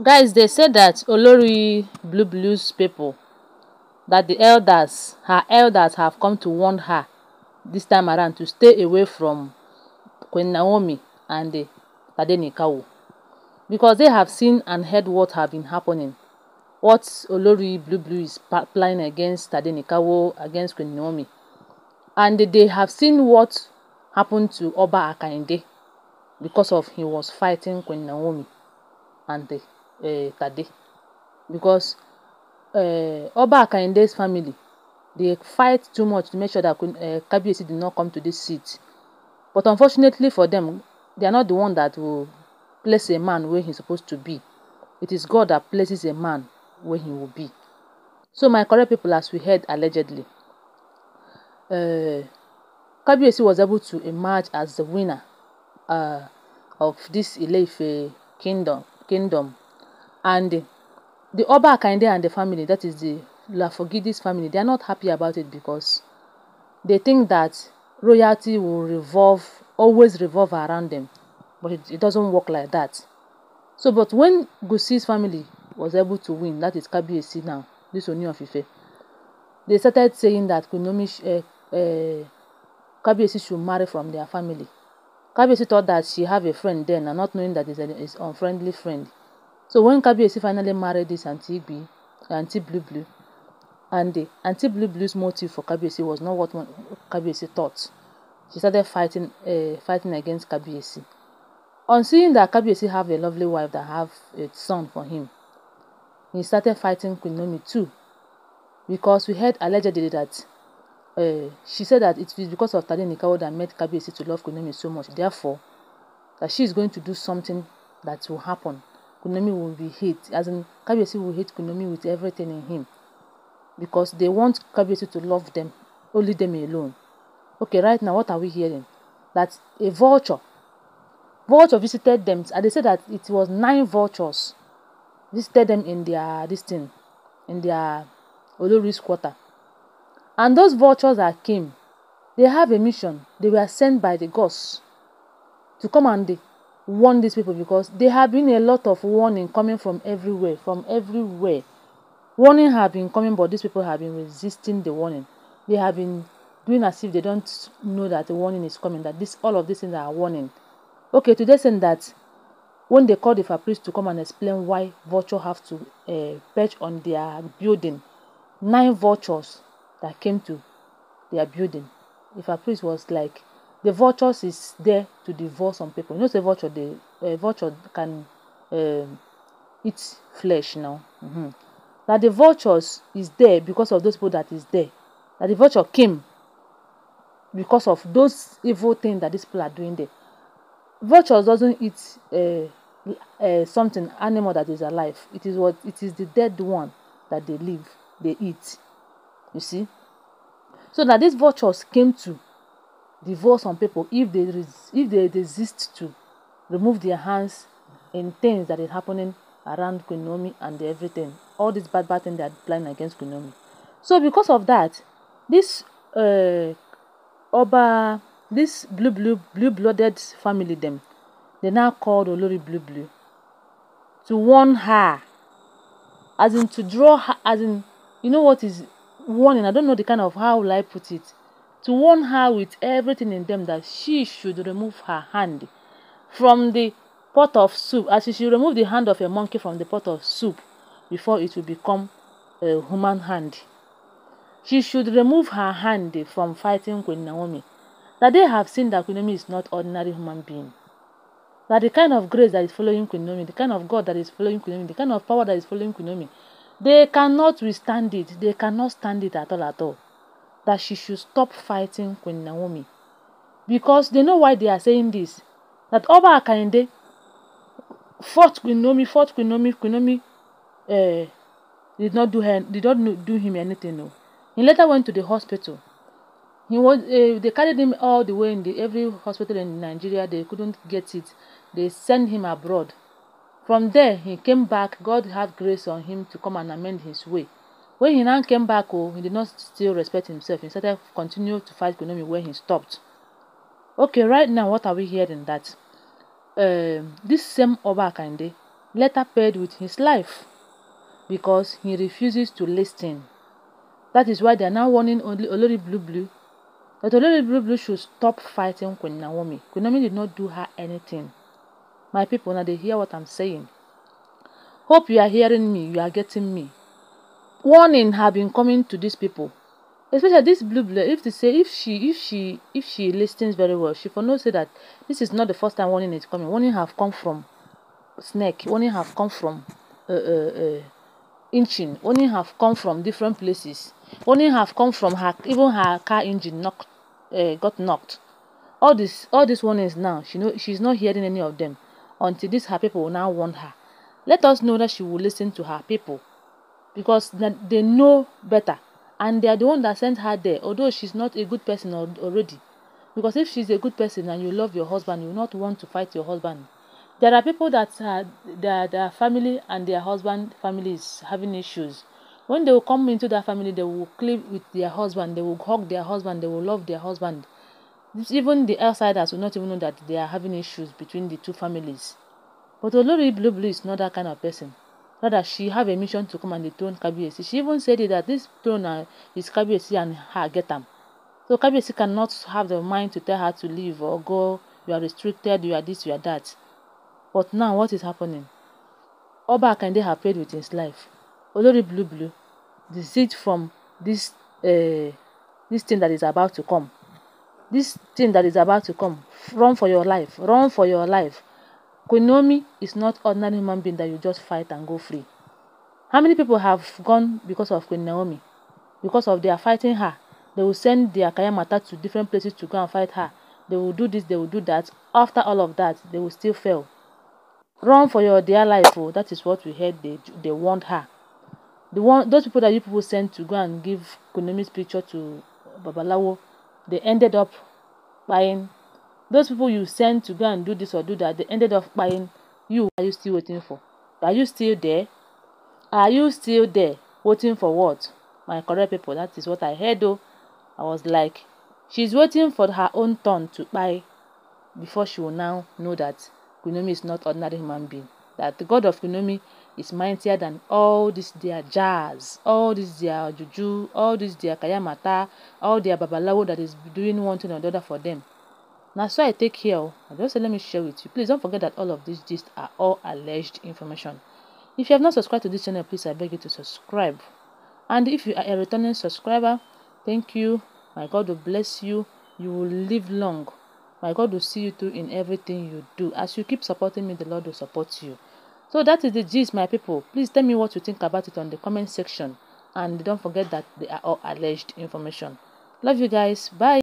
guys they said that olori blue blues people that the elders her elders have come to warn her this time around to stay away from queen naomi and the tadenikawo because they have seen and heard what have been happening what olori blue blue is planning against tadenikawo against queen naomi and they have seen what happened to oba akande because of he was fighting queen naomi and the uh, Kade because uh, Oba his family they fight too much to make sure that uh, did not come to this seat but unfortunately for them they are not the one that will place a man where he's supposed to be it is God that places a man where he will be so my correct people as we heard allegedly uh, was able to emerge as the winner uh, of this ile kingdom kingdom and the Oba Akande and the family, that is the Lafogidi's family, they are not happy about it because they think that royalty will revolve, always revolve around them. But it, it doesn't work like that. So, but when Gusi's family was able to win, that is Kabiesi now, this Oni of Ife, they started saying that Kunomi, uh, uh, should marry from their family. Kabiesi thought that she have a friend then, and not knowing that it's an unfriendly friend. So when Kabiyesi finally married this Auntie blue, Auntie Blue Blue, and the Auntie Blue Blue's motive for Kabiyesi was not what Kabiyesi thought. She started fighting, uh, fighting against Kabiyesi. On seeing that Kabiyesi have a lovely wife that have a son for him, he started fighting Queen too, because we heard allegedly that uh, she said that it is because of Tade Nikawo that made Kabiyesi to love Queen so much. Therefore, that she is going to do something that will happen Kunomi will be hit, as in Kabiyesi will hate Kunomi with everything in him because they want Kabiyesi to love them, only them alone. Okay, right now, what are we hearing? That a vulture, vulture visited them, and they said that it was nine vultures visited them in their, this thing, in their Olori's quarter. And those vultures that came, they have a mission. They were sent by the gods to come and warn these people because there have been a lot of warning coming from everywhere, from everywhere. Warning have been coming, but these people have been resisting the warning. They have been doing as if they don't know that the warning is coming, that this all of these things are warning. Okay, today saying that when they called the priest to come and explain why vultures have to uh, perch on their building, nine vultures that came to their building. If a priest was like, the vultures is there to devour some people you know the vulture the uh, eh, vulture can um, eat flesh now mm -hmm. the vultures is there because of those people that is there That the vulture came because of those evil things that these people are doing there vultures doesn't eat uh, uh, something animal that is alive it is what it is the dead one that they live they eat you see so that these vultures came to divorce some people if they res- if they desist to remove their hands in things that is happening around Kunomi and everything. All these bad bad things they are planning against Kunomi. So because of that, this uh, Oba, this blue blue blue blooded family them, they now called Olori Blue Blue to warn her, as in to draw her, as in you know what is warning. I don't know the kind of how will I put it to warn her with everything in them that she should remove her hand from the pot of soup, as she should remove the hand of a monkey from the pot of soup before it will become a human hand. She should remove her hand from fighting Queen Naomi, that they have seen that Queen Naomi is not ordinary human being. That the kind of grace that is following Queen Naomi, the kind of God that is following Queen Naomi, the kind of power that is following Queen Naomi, they cannot withstand it. They cannot stand it at all at all that she should stop fighting Queen Naomi. Because they know why they are saying this. That Oba Akande fought Queen Naomi, fought Queen Naomi, Queen Naomi uh, did not do her, did not do him anything. No. He later went to the hospital. He was uh, eh, they carried him all the way in the, every hospital in Nigeria. They couldn't get it. They sent him abroad. From there, he came back. God had grace on him to come and amend his way. When he now came back, oh, he did not still respect himself. He started continued to fight Konomi when he stopped. Okay, right now, what are we hearing that? Uh, this same Oba Akande later paid with his life because he refuses to listen. That is why they are now warning Olori Blue Blue that Olori Blue Blue should stop fighting Queen Naomi. Queen Naomi did not do her anything. My people, now they hear what I'm saying. Hope you are hearing me, you are getting me warning had been coming to these people especially this blue blue if they say if she if she if she listens very well she for know say that this is not the first time warning is coming warning have come from snake warning have come from uh, uh, uh, inching warning have come from different places warning have come from her even her car engine knocked uh, got knocked all this all these warnings now she know she's not hearing any of them until these her people will now warn her let us know that she will listen to her people because they know better and they are the one that sent her there although she's not a good person already because if she's a good person and you love your husband you will not want to fight your husband there are people that are their their family and their husband family is having issues when they will come into that family they will cleave with their husband they will hug their husband they will love their husband even the outsiders will not even know that they are having issues between the two families but olori blue blue is not that kind of person Rather, she have a mission to come and dethrone Kabiyesi. She even said it, that this throne uh, is Kabiyesi and her get am. So Kabiyesi cannot have the mind to tell her to leave or oh, go. You are restricted. You are this. You are that. But now what is happening? Oba Akande have paid with his life. Olori Blue Blue deceived from this uh, this thing that is about to come. This thing that is about to come. Run for your life. Run for your life. Koinomi is not ordinary human being that you just fight and go free. How many people have gone because of Queen Naomi? Because of their fighting her, they will send their Kayamata to different places to go and fight her. They will do this, they will do that. After all of that, they will still fail. Run for your dear life, oh, that is what we heard they, they warned her. The one, those people that you people sent to go and give Konomi's picture to Babalawo, they ended up buying Those people you send to go and do this or do that, they ended up buying you. Are you still waiting for? Are you still there? Are you still there? Waiting for what? My correct people, that is what I heard though. I was like, she's waiting for her own turn to buy before she will now know that Kunomi is not ordinary human being. That the God of Kunomi is mightier than all this their jazz, all this their juju, all this their kayamata, all their babalawo that is doing one thing or the other for them. Now, so I take here. Oh. Just let me share with you. Please don't forget that all of these gist are all alleged information. If you have not subscribed to this channel, please I beg you to subscribe. And if you are a returning subscriber, thank you. My God will bless you. You will live long. My God will see you through in everything you do. As you keep supporting me, the Lord will support you. So that is the gist, my people. Please tell me what you think about it on the comment section. And don't forget that they are all alleged information. Love you guys. Bye.